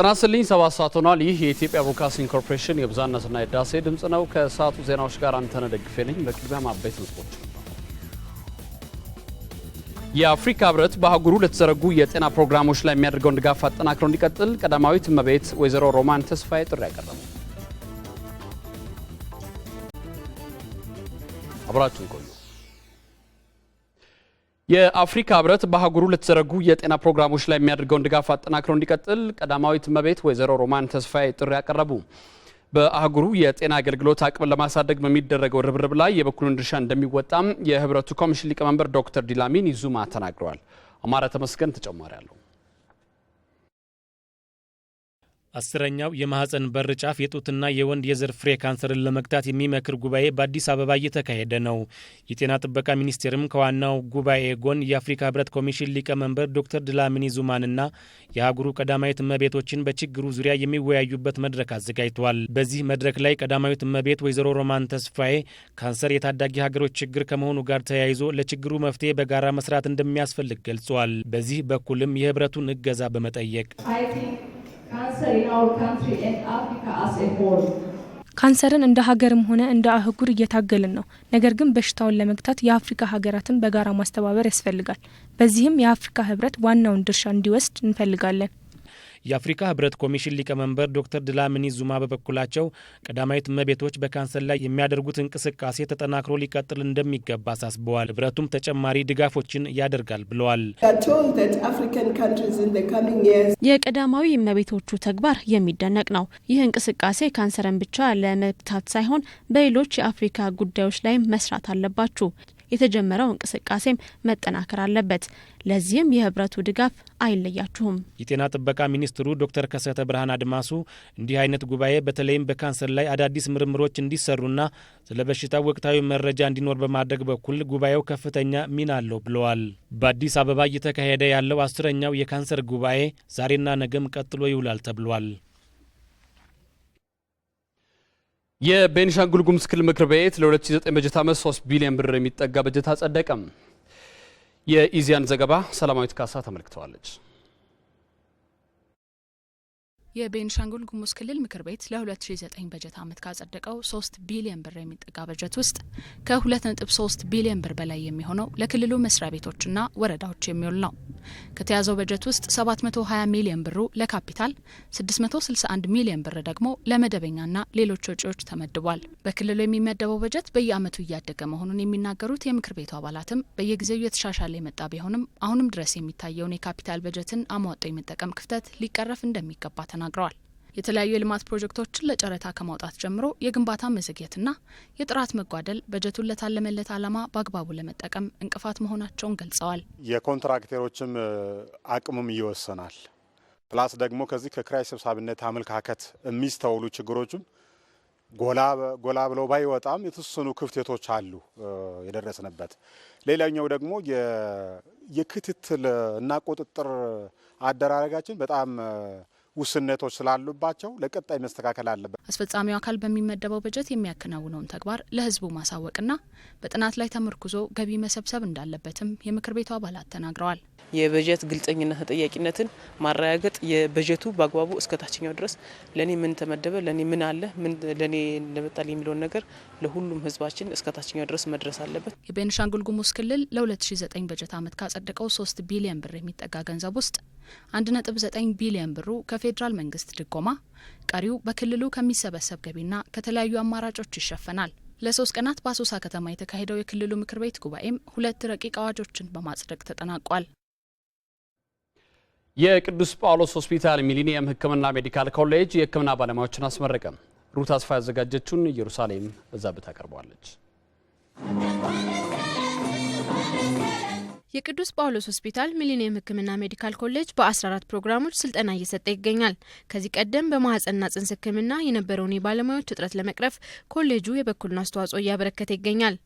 ጤና ይስጥልኝ። ሰባት ሰዓት ሆኗል። ይህ የኢትዮጵያ ብሮድካስቲንግ ኮርፖሬሽን የብዝሃነትና የዳሴ ድምፅ ነው። ከሰዓቱ ዜናዎች ጋር አንተነህ ደግፌ ነኝ። በቅድሚያ አበይት ነጥቦች። የአፍሪካ ህብረት በአህጉሩ ለተዘረጉ የጤና ፕሮግራሞች ላይ የሚያደርገውን ድጋፍ አጠናክሮ እንዲቀጥል ቀዳማዊት እመቤት ወይዘሮ ሮማን ተስፋዬ ጥሪ ያቀረቡ አብራችሁን ቆዩ። የአፍሪካ ህብረት በአህጉሩ ለተዘረጉ የጤና ፕሮግራሞች ላይ የሚያደርገውን ድጋፍ አጠናክሮ እንዲቀጥል ቀዳማዊት እመቤት ወይዘሮ ሮማን ተስፋዬ ጥሪ ያቀረቡ። በአህጉሩ የጤና አገልግሎት አቅምን ለማሳደግ በሚደረገው ርብርብ ላይ የበኩሉን ድርሻ እንደሚወጣም የህብረቱ ኮሚሽን ሊቀመንበር ዶክተር ዲላሚን ይዙማ ተናግረዋል። አማራ ተመስገን ተጨማሪ አለው። አስረኛው የማህፀን በር ጫፍ የጡትና የወንድ የዘር ፍሬ ካንሰርን ለመግታት የሚመክር ጉባኤ በአዲስ አበባ እየተካሄደ ነው። የጤና ጥበቃ ሚኒስቴርም ከዋናው ጉባኤ ጎን የአፍሪካ ህብረት ኮሚሽን ሊቀመንበር ዶክተር ድላሚኒ ዙማንና የአህጉሩ ቀዳማዊት እመቤቶችን በችግሩ ዙሪያ የሚወያዩበት መድረክ አዘጋጅቷል። በዚህ መድረክ ላይ ቀዳማዊት እመቤት ወይዘሮ ሮማን ተስፋዬ ካንሰር የታዳጊ ሀገሮች ችግር ከመሆኑ ጋር ተያይዞ ለችግሩ መፍትሄ በጋራ መስራት እንደሚያስፈልግ ገልጿል። በዚህ በኩልም የህብረቱን እገዛ በመጠየቅ ካንሰርን እንደ ሀገርም ሆነ እንደ አህጉር እየታገልን ነው። ነገር ግን በሽታውን ለመግታት የአፍሪካ ሀገራትን በጋራ ማስተባበር ያስፈልጋል። በዚህም የአፍሪካ ህብረት ዋናውን ድርሻ እንዲወስድ እንፈልጋለን። የአፍሪካ ህብረት ኮሚሽን ሊቀመንበር ዶክተር ድላምኒ ዙማ በበኩላቸው ቀዳማዊት እመቤቶች በካንሰር ላይ የሚያደርጉት እንቅስቃሴ ተጠናክሮ ሊቀጥል እንደሚገባ አሳስበዋል። ህብረቱም ተጨማሪ ድጋፎችን ያደርጋል ብለዋል። የቀዳማዊ እመቤቶቹ ተግባር የሚደነቅ ነው። ይህ እንቅስቃሴ ካንሰርን ብቻ ለመብታት ሳይሆን በሌሎች የአፍሪካ ጉዳዮች ላይ መስራት አለባችሁ። የተጀመረው እንቅስቃሴም መጠናከር አለበት። ለዚህም የህብረቱ ድጋፍ አይለያችሁም። የጤና ጥበቃ ሚኒስትሩ ዶክተር ከሰተ ብርሃን አድማሱ እንዲህ አይነት ጉባኤ በተለይም በካንሰር ላይ አዳዲስ ምርምሮች እንዲሰሩና ስለ በሽታው ወቅታዊ መረጃ እንዲኖር በማድረግ በኩል ጉባኤው ከፍተኛ ሚና አለው ብለዋል። በአዲስ አበባ እየተካሄደ ያለው አስረኛው የካንሰር ጉባኤ ዛሬና ነገም ቀጥሎ ይውላል ተብሏል። የቤኒሻንጉል ጉሙዝ ክልል ምክር ቤት ለ2009 በጀት ዓመት 3 ቢሊዮን ብር የሚጠጋ በጀት አጸደቀም። የኢዚያን ዘገባ ሰላማዊት ካሳ ተመልክተዋለች። የቤንሻንጉል ጉሙዝ ክልል ምክር ቤት ለ2009 በጀት ዓመት ካጸደቀው 3 ቢሊዮን ብር የሚጠጋ በጀት ውስጥ ከ2.3 ቢሊዮን ብር በላይ የሚሆነው ለክልሉ መስሪያ ቤቶችና ወረዳዎች የሚውል ነው። ከተያዘው በጀት ውስጥ 720 ሚሊዮን ብሩ ለካፒታል፣ 661 ሚሊዮን ብር ደግሞ ለመደበኛና ሌሎች ወጪዎች ተመድቧል። በክልሉ የሚመደበው በጀት በየዓመቱ እያደገ መሆኑን የሚናገሩት የምክር ቤቱ አባላትም በየጊዜው የተሻሻለ የመጣ ቢሆንም አሁንም ድረስ የሚታየውን የካፒታል በጀትን አሟጦ የመጠቀም ክፍተት ሊቀረፍ እንደሚገባ ተናግረዋል። ተናግረዋል። የተለያዩ የልማት ፕሮጀክቶችን ለጨረታ ከማውጣት ጀምሮ የግንባታ መዘግየትና የጥራት መጓደል በጀቱን ለታለመለት ዓላማ በአግባቡ ለመጠቀም እንቅፋት መሆናቸውን ገልጸዋል። የኮንትራክተሮችም አቅሙም ይወሰናል። ፕላስ ደግሞ ከዚህ ከኪራይ ሰብሳቢነት አመለካከት የሚስተውሉ ችግሮችም ጎላ ብለው ባይወጣም የተወሰኑ ክፍተቶች አሉ የደረስንበት። ሌላኛው ደግሞ የክትትል እና ቁጥጥር አደራረጋችን በጣም ውስነቶች ስላሉባቸው ለቀጣይ መስተካከል አለበት። አስፈጻሚው አካል በሚመደበው በጀት የሚያከናውነውን ተግባር ለህዝቡ ማሳወቅና በጥናት ላይ ተመርኩዞ ገቢ መሰብሰብ እንዳለበትም የምክር ቤቱ አባላት ተናግረዋል። የበጀት ግልጽኝና ተጠያቂነትን ማረጋገጥ የበጀቱ በአግባቡ እስከ ታችኛው ድረስ ለእኔ ምን ተመደበ፣ ለእኔ ምን አለ፣ ምን ለእኔ ለመጣል የሚለውን ነገር ለሁሉም ህዝባችን እስከ ታችኛው ድረስ መድረስ አለበት። የቤንሻንጉል ጉሙዝ ክልል ለ2009 በጀት ዓመት ካጸደቀው 3 ቢሊዮን ብር የሚጠጋ ገንዘብ ውስጥ 1.9 ቢሊዮን ብሩ ከፌ የፌዴራል መንግስት ድጎማ፣ ቀሪው በክልሉ ከሚሰበሰብ ገቢና ከተለያዩ አማራጮች ይሸፈናል። ለሶስት ቀናት በአሶሳ ከተማ የተካሄደው የክልሉ ምክር ቤት ጉባኤም ሁለት ረቂቅ አዋጆችን በማጽደቅ ተጠናቋል። የቅዱስ ጳውሎስ ሆስፒታል ሚሊኒየም ሕክምና ሜዲካል ኮሌጅ የሕክምና ባለሙያዎችን አስመረቀ። ሩት አስፋ ያዘጋጀችውን ኢየሩሳሌም በዛብህ ታቀርበዋለች። የቅዱስ ጳውሎስ ሆስፒታል ሚሊኒየም ሕክምና ሜዲካል ኮሌጅ በ14 ፕሮግራሞች ስልጠና እየሰጠ ይገኛል። ከዚህ ቀደም በማህጸንና ጽንስ ሕክምና የነበረውን የባለሙያዎች እጥረት ለመቅረፍ ኮሌጁ የበኩሉን አስተዋጽኦ እያበረከተ ይገኛል።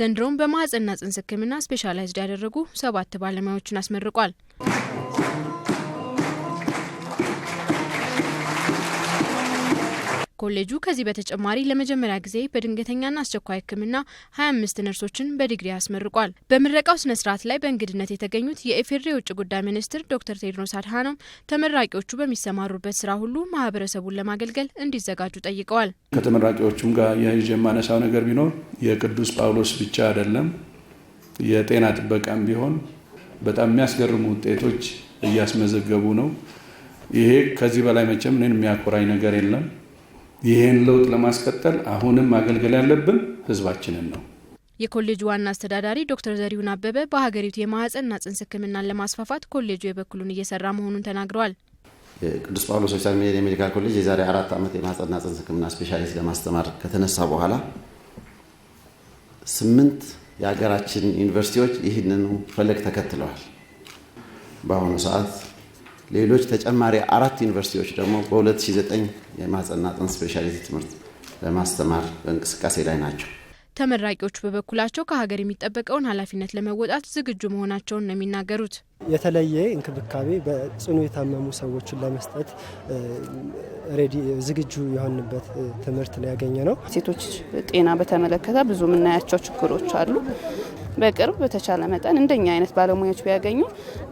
ዘንድሮም በማህጸንና ጽንስ ሕክምና ስፔሻላይዝድ ያደረጉ ሰባት ባለሙያዎችን አስመርቋል። ኮሌጁ ከዚህ በተጨማሪ ለመጀመሪያ ጊዜ በድንገተኛና አስቸኳይ ሕክምና 25 ነርሶችን በዲግሪ አስመርቋል። በምረቃው ስነ ስርዓት ላይ በእንግድነት የተገኙት የኢፌዴሪ የውጭ ጉዳይ ሚኒስትር ዶክተር ቴድሮስ አድሃኖም ተመራቂዎቹ በሚሰማሩበት ስራ ሁሉ ማህበረሰቡን ለማገልገል እንዲዘጋጁ ጠይቀዋል። ከተመራቂዎቹም ጋር የህዥ የማነሳው ነገር ቢኖር የቅዱስ ጳውሎስ ብቻ አይደለም፣ የጤና ጥበቃም ቢሆን በጣም የሚያስገርሙ ውጤቶች እያስመዘገቡ ነው። ይሄ ከዚህ በላይ መቼም እኔን የሚያኮራኝ ነገር የለም። ይህን ለውጥ ለማስቀጠል አሁንም ማገልገል ያለብን ህዝባችንን ነው። የኮሌጁ ዋና አስተዳዳሪ ዶክተር ዘሪሁን አበበ በሀገሪቱ የማህፀንና ጽንስ ህክምናን ለማስፋፋት ኮሌጁ የበኩሉን እየሰራ መሆኑን ተናግረዋል። ቅዱስ ጳውሎስ ሆስፒታል የሜዲካል ኮሌጅ የዛሬ አራት ዓመት የማህፀንና ጽንስ ህክምና ስፔሻሊስት ለማስተማር ከተነሳ በኋላ ስምንት የሀገራችን ዩኒቨርሲቲዎች ይህንኑ ፈለግ ተከትለዋል። በአሁኑ ሰዓት ሌሎች ተጨማሪ አራት ዩኒቨርሲቲዎች ደግሞ በ2009 የማህፀንና ጽንስ ስፔሻሊቲ ትምህርት ለማስተማር በእንቅስቃሴ ላይ ናቸው። ተመራቂዎች በበኩላቸው ከሀገር የሚጠበቀውን ኃላፊነት ለመወጣት ዝግጁ መሆናቸውን ነው የሚናገሩት። የተለየ እንክብካቤ በጽኑ የታመሙ ሰዎችን ለመስጠት ሬዲ ዝግጁ የሆንበት ትምህርት ነው ያገኘ ነው። ሴቶች ጤና በተመለከተ ብዙ የምናያቸው ችግሮች አሉ። በቅርብ በተቻለ መጠን እንደኛ አይነት ባለሙያዎች ቢያገኙ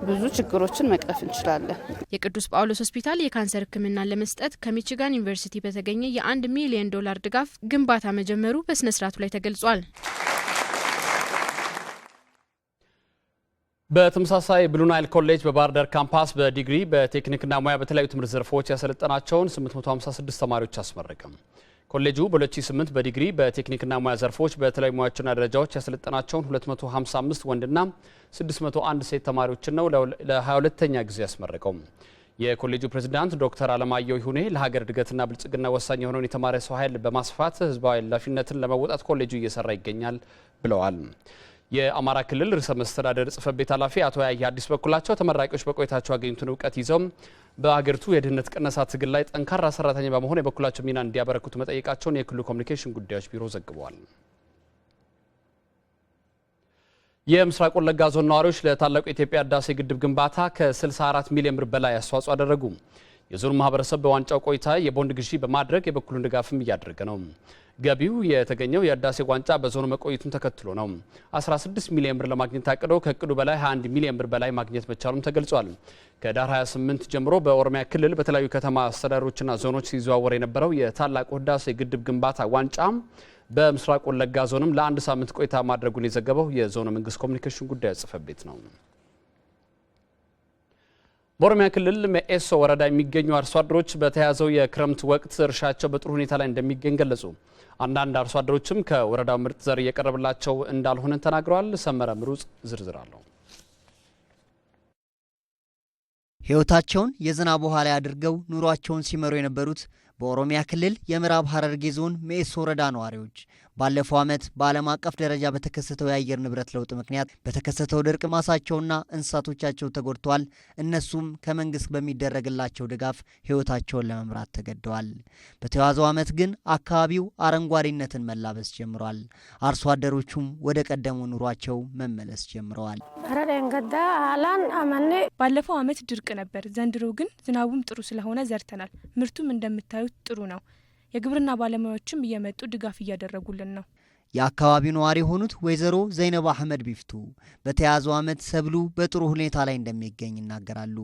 ብዙ ችግሮችን መቅረፍ እንችላለን። የቅዱስ ጳውሎስ ሆስፒታል የካንሰር ህክምናን ለመስጠት ከሚችጋን ዩኒቨርሲቲ በተገኘ የአንድ ሚሊዮን ዶላር ድጋፍ ግንባታ መጀመሩ በስነስርዓቱ ላይ ተገልጿል። በተመሳሳይ ብሉናይል ኮሌጅ በባህር ዳር ካምፓስ በዲግሪ በቴክኒክና ሙያ በተለያዩ ትምህርት ዘርፎች ያሰለጠናቸውን 856 ተማሪዎች አስመረቀም። ኮሌጁ በ2008 በዲግሪ በቴክኒክና ሙያ ዘርፎች በተለያዩ ሙያዎችና ደረጃዎች ያሰለጠናቸውን 255 ወንድና 601 ሴት ተማሪዎችን ነው ለ22ተኛ ጊዜ ያስመረቀው። የኮሌጁ ፕሬዝዳንት ዶክተር አለማየሁ ይሁኔ ለሀገር እድገትና ብልጽግና ወሳኝ የሆነውን የተማሪ ሰው ኃይል በማስፋት ህዝባዊ ኃላፊነትን ለመወጣት ኮሌጁ እየሰራ ይገኛል ብለዋል። የአማራ ክልል ርዕሰ መስተዳደር ጽሕፈት ቤት ኃላፊ አቶ ያየ አዲስ በኩላቸው ተመራቂዎች በቆይታቸው ያገኙትን እውቀት ይዘው በሀገሪቱ የድህነት ቅነሳ ትግል ላይ ጠንካራ ሰራተኛ በመሆን የበኩላቸው ሚና እንዲያበረክቱ መጠየቃቸውን የክልሉ ኮሚኒኬሽን ጉዳዮች ቢሮ ዘግቧል። የምስራቅ ወለጋ ዞን ነዋሪዎች ለታላቁ የኢትዮጵያ ህዳሴ ግድብ ግንባታ ከ64 ሚሊዮን ብር በላይ አስተዋጽኦ አደረጉ። የዞኑ ማህበረሰብ በዋንጫው ቆይታ የቦንድ ግዢ በማድረግ የበኩሉን ድጋፍም እያደረገ ነው። ገቢው የተገኘው የህዳሴ ዋንጫ በዞኑ መቆየቱን ተከትሎ ነው። 16 ሚሊዮን ብር ለማግኘት አቅዶ ከእቅዱ በላይ 21 ሚሊዮን ብር በላይ ማግኘት መቻሉም ተገልጿል። ከዳር 28 ጀምሮ በኦሮሚያ ክልል በተለያዩ ከተማ አስተዳደሮችና ዞኖች ሲዘዋወር የነበረው የታላቁ ህዳሴ ግድብ ግንባታ ዋንጫ በምስራቅ ወለጋ ዞንም ለአንድ ሳምንት ቆይታ ማድረጉን የዘገበው የዞኑ መንግስት ኮሚኒኬሽን ጉዳዮች ጽሕፈት ቤት ነው። በኦሮሚያ ክልል መኤሶ ወረዳ የሚገኙ አርሶ አደሮች በተያዘው የክረምት ወቅት እርሻቸው በጥሩ ሁኔታ ላይ እንደሚገኝ ገለጹ። አንዳንድ አርሶ አደሮችም ከወረዳው ምርጥ ዘር እየቀረብላቸው እንዳልሆነ ተናግረዋል። ሰመረ ምሩጽ ዝርዝር አለው። ሕይወታቸውን የዝናብ ውሃ ላይ አድርገው ኑሯቸውን ሲመሩ የነበሩት በኦሮሚያ ክልል የምዕራብ ሐረርጌ ዞን መኤሶ ወረዳ ነዋሪዎች ባለፈው ዓመት በዓለም አቀፍ ደረጃ በተከሰተው የአየር ንብረት ለውጥ ምክንያት በተከሰተው ድርቅ ማሳቸውና እንስሳቶቻቸው ተጎድተዋል። እነሱም ከመንግስት በሚደረግላቸው ድጋፍ ህይወታቸውን ለመምራት ተገደዋል። በተያዘው ዓመት ግን አካባቢው አረንጓዴነትን መላበስ ጀምሯል። አርሶ አደሮቹም ወደ ቀደሙ ኑሯቸው መመለስ ጀምረዋል። ባለፈው ዓመት ድርቅ ነበር። ዘንድሮ ግን ዝናቡም ጥሩ ስለሆነ ዘርተናል። ምርቱም እንደምታዩት ጥሩ ነው። የግብርና ባለሙያዎችም እየመጡ ድጋፍ እያደረጉልን ነው። የአካባቢው ነዋሪ የሆኑት ወይዘሮ ዘይነብ አህመድ ቢፍቱ በተያዘው ዓመት ሰብሉ በጥሩ ሁኔታ ላይ እንደሚገኝ ይናገራሉ።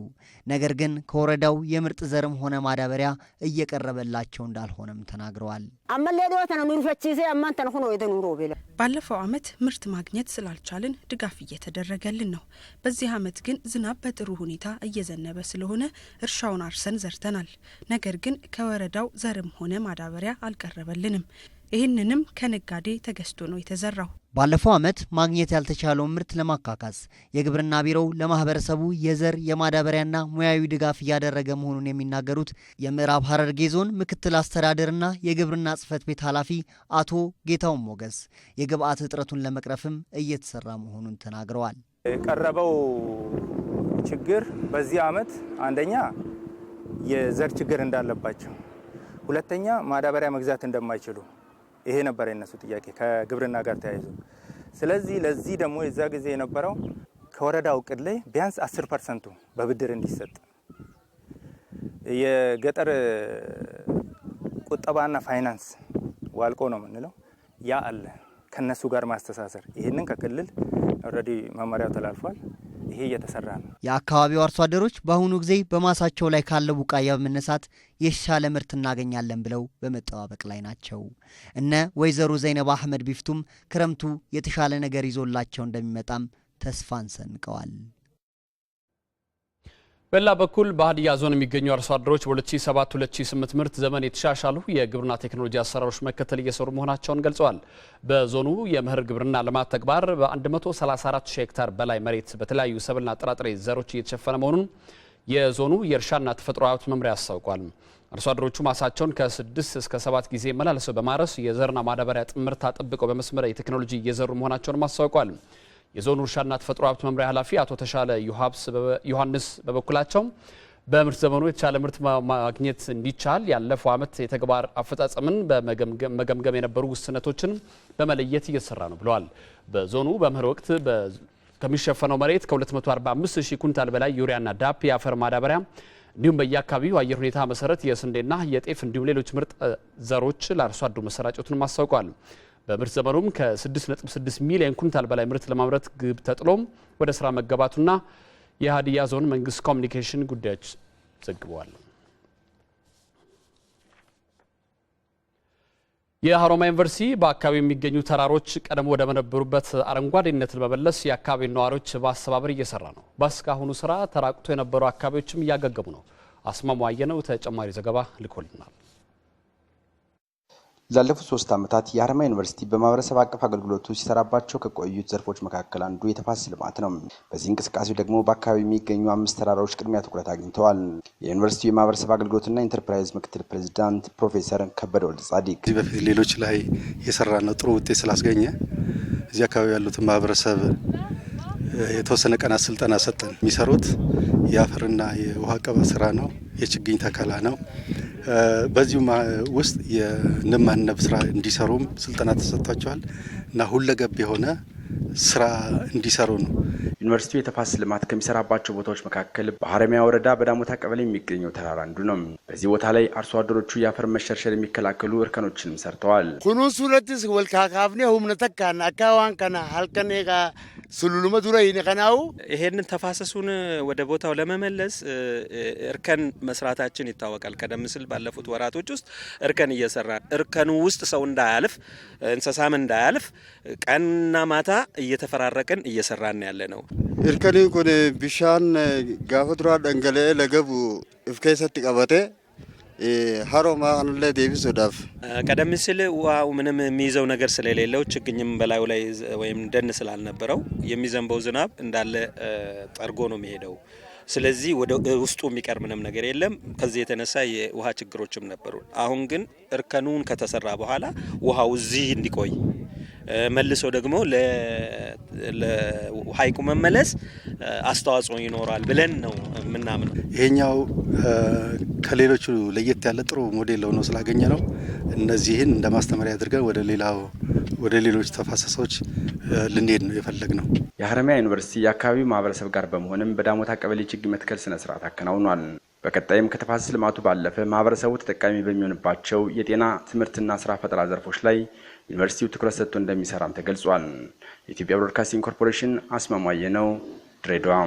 ነገር ግን ከወረዳው የምርጥ ዘርም ሆነ ማዳበሪያ እየቀረበላቸው እንዳልሆነም ተናግረዋል። ባለፈው ዓመት ምርት ማግኘት ስላልቻልን ድጋፍ እየተደረገልን ነው። በዚህ ዓመት ግን ዝናብ በጥሩ ሁኔታ እየዘነበ ስለሆነ እርሻውን አርሰን ዘርተናል። ነገር ግን ከወረዳው ዘርም ሆነ ማዳበሪያ አልቀረበልንም። ይህንንም ከነጋዴ ተገዝቶ ነው የተዘራው። ባለፈው ዓመት ማግኘት ያልተቻለውን ምርት ለማካካስ የግብርና ቢሮው ለማህበረሰቡ የዘር የማዳበሪያና ሙያዊ ድጋፍ እያደረገ መሆኑን የሚናገሩት የምዕራብ ሐረርጌ ዞን ምክትል አስተዳደርና የግብርና ጽሕፈት ቤት ኃላፊ አቶ ጌታውን ሞገስ የግብአት እጥረቱን ለመቅረፍም እየተሰራ መሆኑን ተናግረዋል። የቀረበው ችግር በዚህ ዓመት አንደኛ የዘር ችግር እንዳለባቸው፣ ሁለተኛ ማዳበሪያ መግዛት እንደማይችሉ ይሄ ነበር የነሱ ጥያቄ ከግብርና ጋር ተያይዞ። ስለዚህ ለዚህ ደግሞ የዛ ጊዜ የነበረው ከወረዳው እቅድ ላይ ቢያንስ 10 ፐርሰንቱ በብድር እንዲሰጥ የገጠር ቁጠባና ፋይናንስ ዋልቆ ነው የምንለው ያ አለ። ከነሱ ጋር ማስተሳሰር ይህንን ከክልል ኦልሬዲ መመሪያው ተላልፏል። ይሄ እየተሰራ ነው። የአካባቢው አርሶ አደሮች በአሁኑ ጊዜ በማሳቸው ላይ ካለው ቡቃያ በመነሳት የተሻለ ምርት እናገኛለን ብለው በመጠባበቅ ላይ ናቸው። እነ ወይዘሮ ዘይነባ አህመድ ቢፍቱም ክረምቱ የተሻለ ነገር ይዞላቸው እንደሚመጣም ተስፋን ሰንቀዋል። በሌላ በኩል በሀዲያ ዞን የሚገኙ አርሶ አደሮች በ2007-2008 ምርት ዘመን የተሻሻሉ የግብርና ቴክኖሎጂ አሰራሮች መከተል እየሰሩ መሆናቸውን ገልጸዋል። በዞኑ የምህር ግብርና ልማት ተግባር በ134 ሄክታር በላይ መሬት በተለያዩ ሰብልና ጥራጥሬ ዘሮች እየተሸፈነ መሆኑን የዞኑ የእርሻና ተፈጥሮ ሀብት መምሪያ አስታውቋል። አርሶ አደሮቹ ማሳቸውን ከ6 እስከ 7 ጊዜ መላልሰው በማረስ የዘርና ማዳበሪያ ጥምርታ ጠብቀው በመስመር የቴክኖሎጂ እየዘሩ መሆናቸውንም አስታውቋል። የዞኑ እርሻና ተፈጥሮ ሀብት መምሪያ ኃላፊ አቶ ተሻለ ዮሐንስ በበኩላቸው በምርት ዘመኑ የተሻለ ምርት ማግኘት እንዲቻል ያለፈው ዓመት የተግባር አፈጻጸምን በመገምገም የነበሩ ውስነቶችን በመለየት እየሰራ ነው ብለዋል። በዞኑ በመኸር ወቅት ከሚሸፈነው መሬት ከ245 ሺህ ኩንታል በላይ ዩሪያና ዳፕ የአፈር ማዳበሪያ እንዲሁም በየአካባቢው አየር ሁኔታ መሰረት የስንዴና የጤፍ እንዲሁም ሌሎች ምርጥ ዘሮች ለአርሶ አደሩ መሰራጨቱን አስታውቀዋል። በምርት ዘመኑም ከ6.6 ሚሊዮን ኩንታል በላይ ምርት ለማምረት ግብ ተጥሎም ወደ ስራ መገባቱና የሀዲያ ዞን መንግስት ኮሚኒኬሽን ጉዳዮች ዘግበዋል። የሀሮማ ዩኒቨርሲቲ በአካባቢው የሚገኙ ተራሮች ቀደም ወደ መነበሩበት አረንጓዴነትን በመለስ የአካባቢ ነዋሪዎች በአስተባበር እየሰራ ነው። በእስካሁኑ ስራ ተራቁቶ የነበሩ አካባቢዎችም እያገገሙ ነው። አስማሙ አየነው ተጨማሪ ዘገባ ልኮልናል። ላለፉት ሶስት ዓመታት የአርማ ዩኒቨርሲቲ በማህበረሰብ አቀፍ አገልግሎቱ ሲሰራባቸው ከቆዩት ዘርፎች መካከል አንዱ የተፋሰስ ልማት ነው። በዚህ እንቅስቃሴ ደግሞ በአካባቢ የሚገኙ አምስት ተራራዎች ቅድሚያ ትኩረት አግኝተዋል። የዩኒቨርሲቲው የማህበረሰብ አገልግሎትና ኢንተርፕራይዝ ምክትል ፕሬዚዳንት ፕሮፌሰር ከበደ ወልድ ጻዲቅ ዚህ በፊት ሌሎች ላይ የሰራ ነው ጥሩ ውጤት ስላስገኘ እዚህ አካባቢ ያሉትን ማህበረሰብ የተወሰነ ቀናት ስልጠና ሰጠን። የሚሰሩት የአፈርና የውሃ ቀባ ስራ ነው። የችግኝ ተከላ ነው። በዚሁ ውስጥ የንብ ማነብ ስራ እንዲሰሩም ስልጠና ተሰጥቷቸዋል እና ሁለገብ የሆነ ስራ እንዲሰሩ ነው። ዩኒቨርሲቲው የተፋሰስ ልማት ከሚሰራባቸው ቦታዎች መካከል በሀረማያ ወረዳ በዳሞታ ቀበሌ የሚገኘው ተራራ አንዱ ነው። በዚህ ቦታ ላይ አርሶ አደሮቹ የአፈር መሸርሸር የሚከላከሉ እርከኖችንም ሰርተዋል። ኩኑስ ሁለት ወልካካፍኔ ሁምነተካን አካዋን ከና አልከኔ ሱሉሉመ ዱረ ይነቀናው ይሄንን ተፋሰሱን ወደ ቦታው ለመመለስ እርከን መስራታችን ይታወቃል። ቀደም ሲል ባለፉት ወራቶች ውስጥ እርከን እየሰራ እርከኑ ውስጥ ሰው እንዳያልፍ እንስሳም እንዳያልፍ ቀንና ማታ እየተፈራረቅን እየሰራን ያለ ነው። እርከኒ ኩን ቢሻን ጋፈ ዱራ ደንገለ ለገቡ እፍ ከሰት ቀበቴ ሀሮማ አንለ ዴቪስ ወዳፍ ቀደም ሲል ውሃው ምንም የሚይዘው ነገር ስለሌለው ችግኝም በላዩ ላይ ወይም ደን ስላልነበረው የሚዘንበው ዝናብ እንዳለ ጠርጎ ነው የሚሄደው። ስለዚህ ወደ ውስጡ የሚቀር ምንም ነገር የለም። ከዚህ የተነሳ የውሃ ችግሮችም ነበሩ። አሁን ግን እርከኑን ከተሰራ በኋላ ውሃው እዚህ እንዲቆይ መልሶ ደግሞ ለሀይቁ መመለስ አስተዋጽኦ ይኖራል ብለን ነው የምናምነው። ይሄኛው ከሌሎቹ ለየት ያለ ጥሩ ሞዴል ሆኖ ስላገኘ ነው እነዚህን እንደ ማስተማሪያ አድርገን ወደ ሌላው ወደ ሌሎች ተፋሰሶች ልንሄድ ነው የፈለግ ነው። የሀረማያ ዩኒቨርሲቲ የአካባቢው ማህበረሰብ ጋር በመሆንም በዳሞታ ቀበሌ ችግኝ መትከል ስነስርዓት አከናውኗል። በቀጣይም ከተፋሰስ ልማቱ ባለፈ ማህበረሰቡ ተጠቃሚ በሚሆንባቸው የጤና ትምህርትና ስራ ፈጠራ ዘርፎች ላይ ዩኒቨርሲቲው ትኩረት ሰጥቶ እንደሚሰራም ተገልጿል። የኢትዮጵያ ብሮድካስቲንግ ኮርፖሬሽን አስማማየ ነው፣ ድሬዳዋ